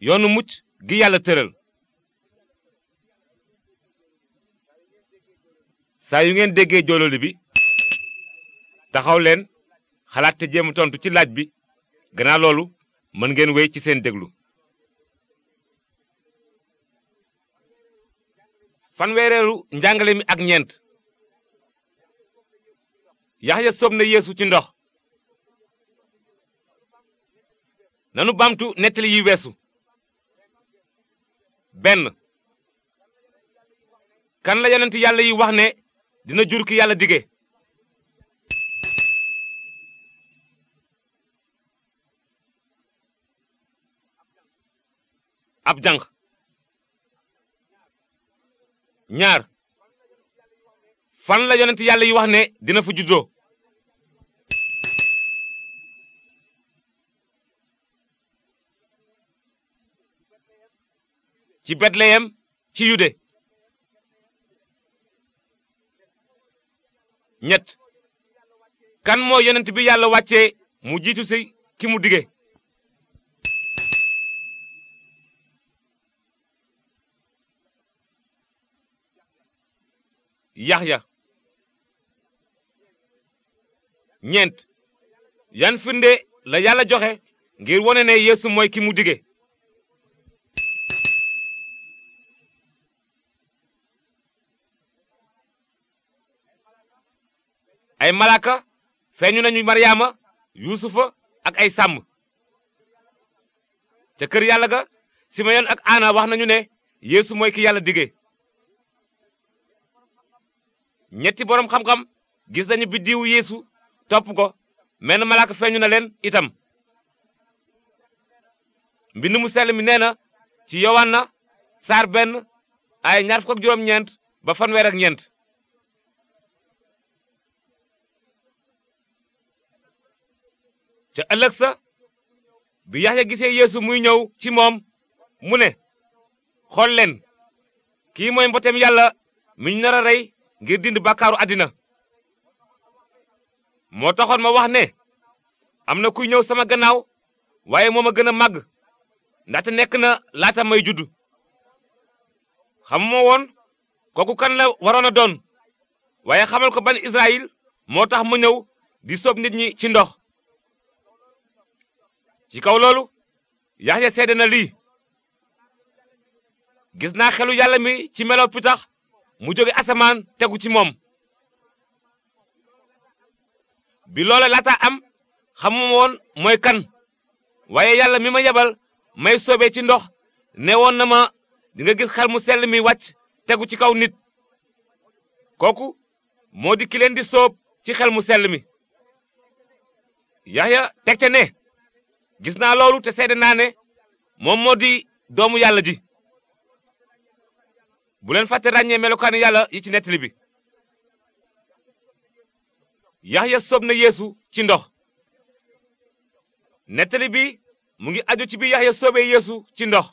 yoonu mucc gi yàlla tëral saa yu ngeen déggee joololi bi taxaw leen xalaat te jéem tontu ci laaj bi gannaaw loolu mën ngeen wéy ci seen déglu fanweereelu njàngale mi ak ñeent yaxya soob na yeesu ci ndox nanu bamtu nettali yi weesu benn kan la yonent yàlla yi wax ne dina jur ki yàlla dige ab jànq ñaar fan la yonent yàlla yi wax ne dina fu juddoo ci betleyem ci yude ñett kan moo yonent bi yàlla wàccee mu jiitu si ki mu dige yaxya ñeent yan firnde la yàlla joxe ngir wone ne yeesu mooy mu dige ay malaaka feeñu nañu maryaama yuusufa ak ay sàmm ca kër yàlla ga simeyon ak ana wax nañu ne yéesu mooy ki yàlla dige ñetti boroom xam-xam gis nañu biddiwu yéesu topp ko menn malaaka feeñu na leen itam mbind mu sell mi nee na ci yowanna saar benn ay ñaar fukk ak juróom ñeent ba fanweer ak ñeent ca ëllëg sa bi Yaxya gisee yéesu muy ñëw ci moom mu ne xool leen kii mooy mbotem yàlla mi ñu nar rey ngir dind bàkkaaru àddina moo taxoon ma wax ne am na kuy ñëw sama gannaaw waaye moo ma gën a màgg ndaxte nekk na laata may judd xamuma woon kooku kan la waroon doon waaye xamal ko ban Israyil moo tax mu ñëw di soob nit ñi ci ndox ci kaw loolu Yaxya seede na lii gis naa xelu yàlla mi ci melow pitax mu jóge asamaan tegu ci moom bi loola lata am xamuma mooy kan waaye yàlla mi ma yebal may soobee ci ndox ne woon na ma dinga gis xel mu sell mi wàcc tegu ci kaw nit kooku moo di ki leen di sóob ci xel mu sell mi yaxya teg ca ne gis naa loolu te seede naa ne moom moo di doomu yàlla ji bu leen fàtte ràññee melokaani yàlla yi ci nettali bi yaxya soob na yeesu ci ndox nettali bi mu ngi aju ci bi yaxya soobee yeesu ci ndox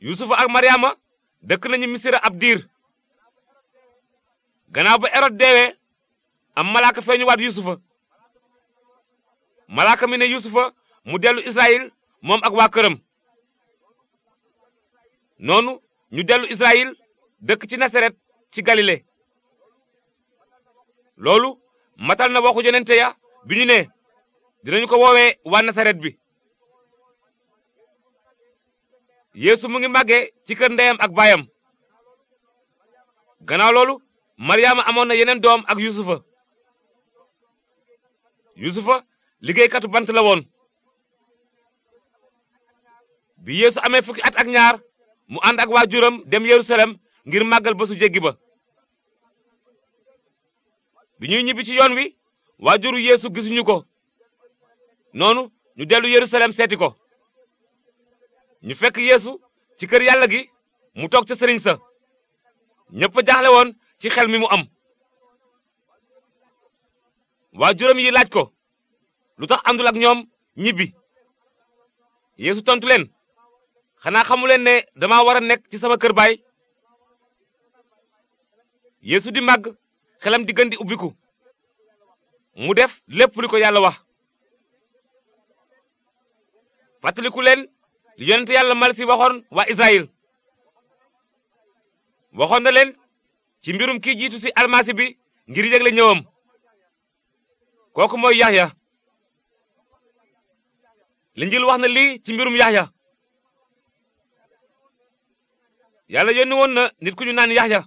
yusufa ak maryaama dëkk nañu misira ab diir gannaaw ba erod deewee am malaaka feeñu waat yusufa malaaka mi ne yusufa mu dellu israyil moom ak waa këram noonu ñu dellu israyil dëkk ci nasaret ci galile loolu matal na waxu yonente bi ñu ne dinañu ko woowee waa nasaret bi yéesu mu ngi màggee ci kër ndeyam ak baayam ganaaw loolu maryaama amoon na yeneen doom ak yusufa yusufa liggéeykatu bant la woon bi yeesu amee fukki at ak ñaar mu ànd ak waa waajuram dem yerusalem ngir màggal bésu jéggi ba bi ñuy ñibbi ci yoon wi waajuru yéesu gisuñu ko noonu ñu dellu yerusalem seeti ko ñu fekk yeesu ci kër yàlla gi mu toog ca sëriñ sa ñépp woon ci xel mi mu am waa waajuram yi laaj ko lu tax àndul ñoom ñibbi yéesu tontu leen xanaa xamu leen ne dama war a nekk ci sama kër baay yéesu di màgg xelam di gën di mu def lépp li ko yàlla wax fàttaliku leen li yonent yàlla mal si waxoon waa Israël waxoon na leen ci mbirum kii jiitu ci almasi bi ngir yégle ñëwam kooku mooy Yaxya linjil wax na lii ci mbirum yaxya yàlla yónni woon na nit ku ñu naan yaxya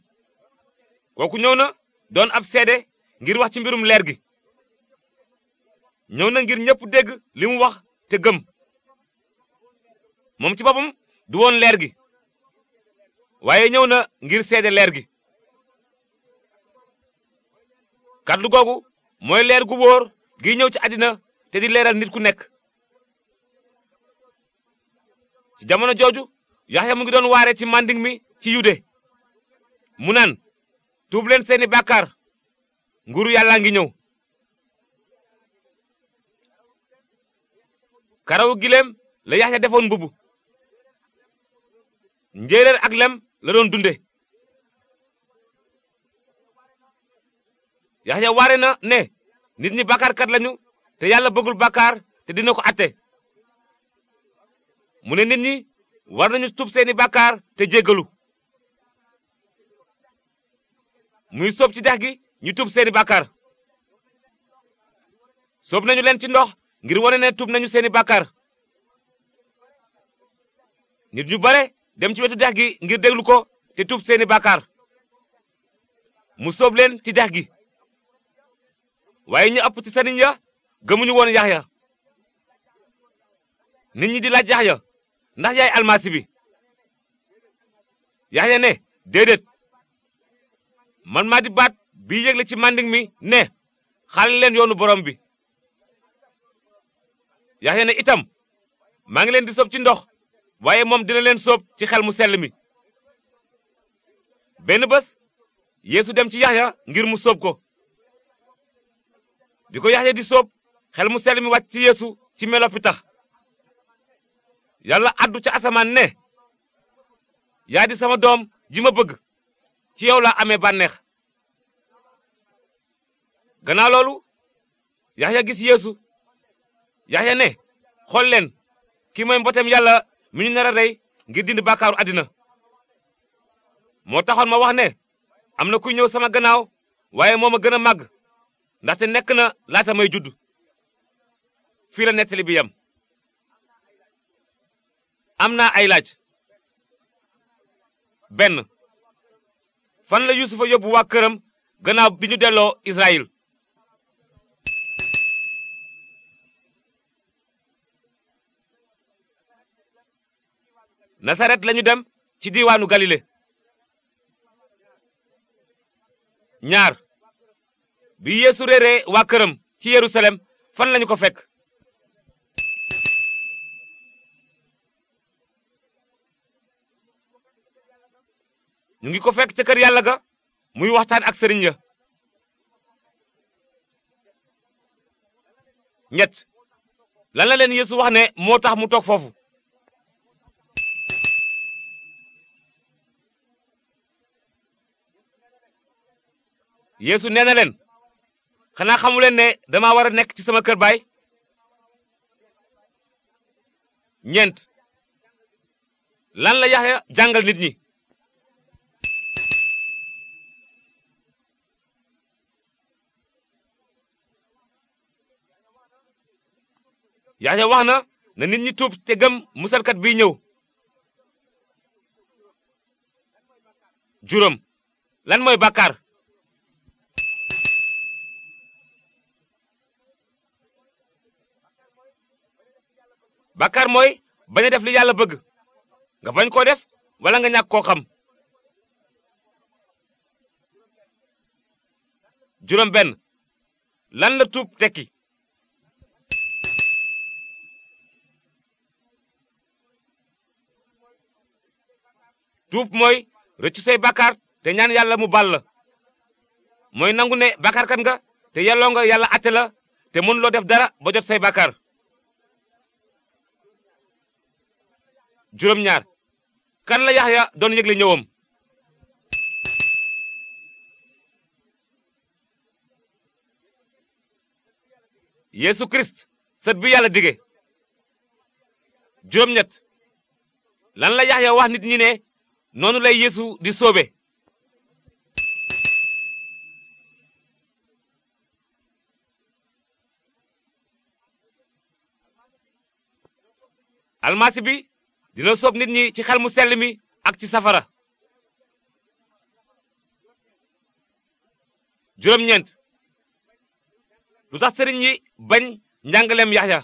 kooku ñëw na doon ab seede ngir wax ci mbirum leer gi ñëw na ngir ñëpp dégg li mu wax te gëm moom ci boppam du woon leer gi waaye ñëw na ngir seede leer gi kàddu googu mooy leer gu wóor gi ñëw ci àddina te di leeral nit ku nekk ci jamono jooju yaxya mu ngi doon waare ci manding mi ci yude mu naan tuub leen seeni bàkkaar nguuru yàllaa ngi ñëw karawu gileem la yaxya defoon mbubu njéeréer ak lem la doon dunde yaxya waare na ne nit ñi bàkkaarkat lañu te yàlla bëggul bàkkaar te dina ko atte mu ne nit ñi war nañu tub seeni bàkkaar te jéggalu muy sóob ci dex gi ñu tub seeni bàkkaar sob nañu leen ci ndox ngir wane ne tub nañu seeni bàkkaar nit ñu bare dem ci wetu dex gi ngir déglu ko te tub seeni bàkkaar mu sob leen ci dex gi waaye ñu ëpp ci sëriñ ya gëmuñu woon Yaxya nit ñi di laaj Yaxya ndax yaay almasi bi yaxya ne déedéet man maa di baat bi yégle ci manding mi ne xaale leen yoonu borom bi yaxya ne itam maa ngi leen di sóob ci ndox waaye moom dina leen sóob ci xel mu sell mi benn bés yéesu dem ci yaxya ngir mu sóob ko di ko yaxya di sóob xel mu sell mi wàcc ci yéesu ci meloppi tax yàlla addu ca asamaan ne yaa sama doom ji ma bëgg ci yow laa amee banneex ganaaw loolu yaxya gis yeesu yaxya ne xool leen kii mooy mbotem yàlla mi ñu nar ngir dindi bàkkaaru àddina moo taxoon ma wax ne am na kuy ñëw sama gannaaw waaye moo ma gën a màgg ndaxte nekk na laata may judd fii la nettali bi yam am naa ay laaj benn fan la yusufa yóbbu waa këram gannaaw bi ñu delloo israyil nasaret lañu dem ci diiwaanu galile ñaar bi yeesu réeree waa këram ci yerusalem fan lañu ko fekk ñu ngi ko fekk ca kër yàlla ga muy waxtaan ak sëriñ ya ñett lan la leen yéesu wax ne moo tax mu toog foofu yéesu nee na leen xanaa xamu leen ne dama war a nekk ci sama kër baay ñeent lan la ya jàngal nit ñi Yaxya wax na na nit ñi tuub te gëm musalkat biy ñëw juróom lan mooy bakkar bakkar mooy bañ a def li yàlla bëgg nga bañ koo def walla nga ñàkk koo xam juróom benn lan la tuub tekki tuub mooy rëccu say bakkaar te ñaan yàlla mu baal la mooy nangu ne bakkaarkat nga te yelloo nga yàlla àtte la te mënuloo def dara ba jot say bakkaar. juróom ñaar kan la yaxya doon yëgle ñëwam. Yesu Christ sët bi yàlla dige. juróom ñett lan la yaxya wax nit ñi ne noonu lay yéesu di soobe almasi bi dina soob nit ñi ci xel mu sell mi ak ci safara juróom-ñeent lu tax sëriñ bañ njàngaleem yaxya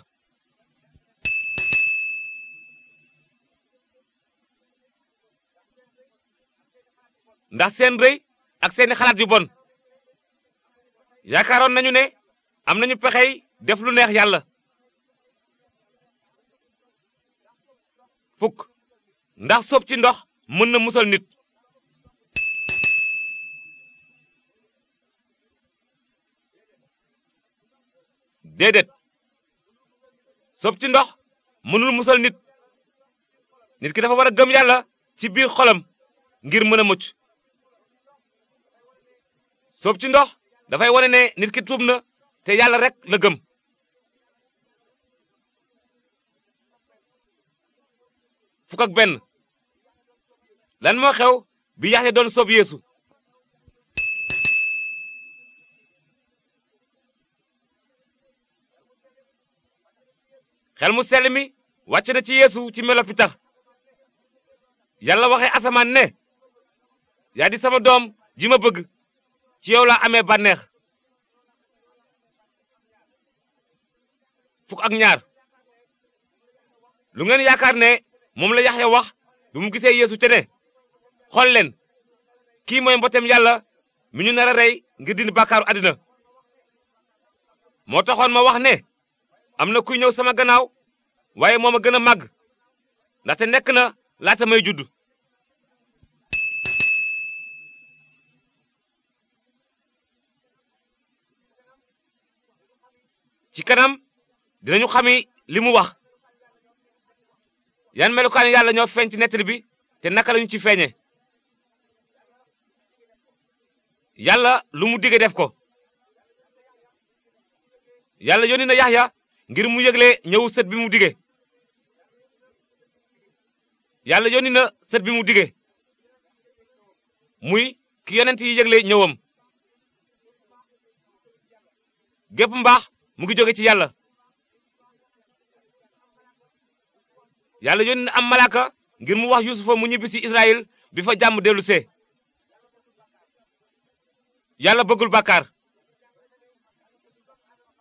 ndax seen rëy ak seeni xalaat yu bon yaakaaroon nañu ne am nañu pexey def lu neex yàlla fukk ndax sóob ci ndox mën na musal nit déedéet sóob ci ndox mënul musal nit nit ki dafa war a gëm yàlla ci biir xolam ngir mën a mucc soob ci ndox dafay wane ne nit ki tuub na te yàlla rek la gëm fukk benn lan moo xew bi Yaxya doon soob yéesu xel mu sell mi wàcc na ci Yeesu ci melo pitax yàlla waxe asamaan ne yaa di sama doom ji ma bëgg ci yow laa amee bànneex fukk ak ñaar lu ngeen yaakaar ne moom la Yaxya wax bi mu gisee yéesu te ne xool leen kii moy mbotem yàlla mi ñu nar a rey ngir dindi bàkkaaru àddina moo taxoon ma wax ne am na kuy ñëw sama gannaaw waaye moo ma gën a màgg ndaxte nekk na laata may judd ci kanam dinañu xami li mu wax yan melukaan yàlla ñoo feeñ ci nettali bi te naka lañu ci feeñe yàlla lu mu dige def ko yàlla yónni na yaxya ngir mu yëgle ñëwu sët bi mu dige yàlla yónni na sët bi mu dige muy ki yonent yi yëgle ñëwam gépp mbaax mu ngi jóge ci yàlla yàlla yónni am malaaka ngir mu wax yusufa mu ñibbi si israel bi fa jàmm dellu see yàlla bëggul bàkkaar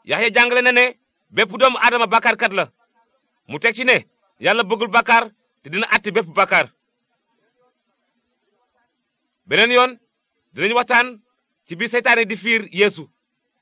yaxya jàngale na ne bépp doomu aadama bàkkaarkat la mu teg ci ne yàlla bëggul bakar te dina àtte bépp bàkkaar beneen yoon dinañ waxtaan ci biir seytaane di fiir yeesu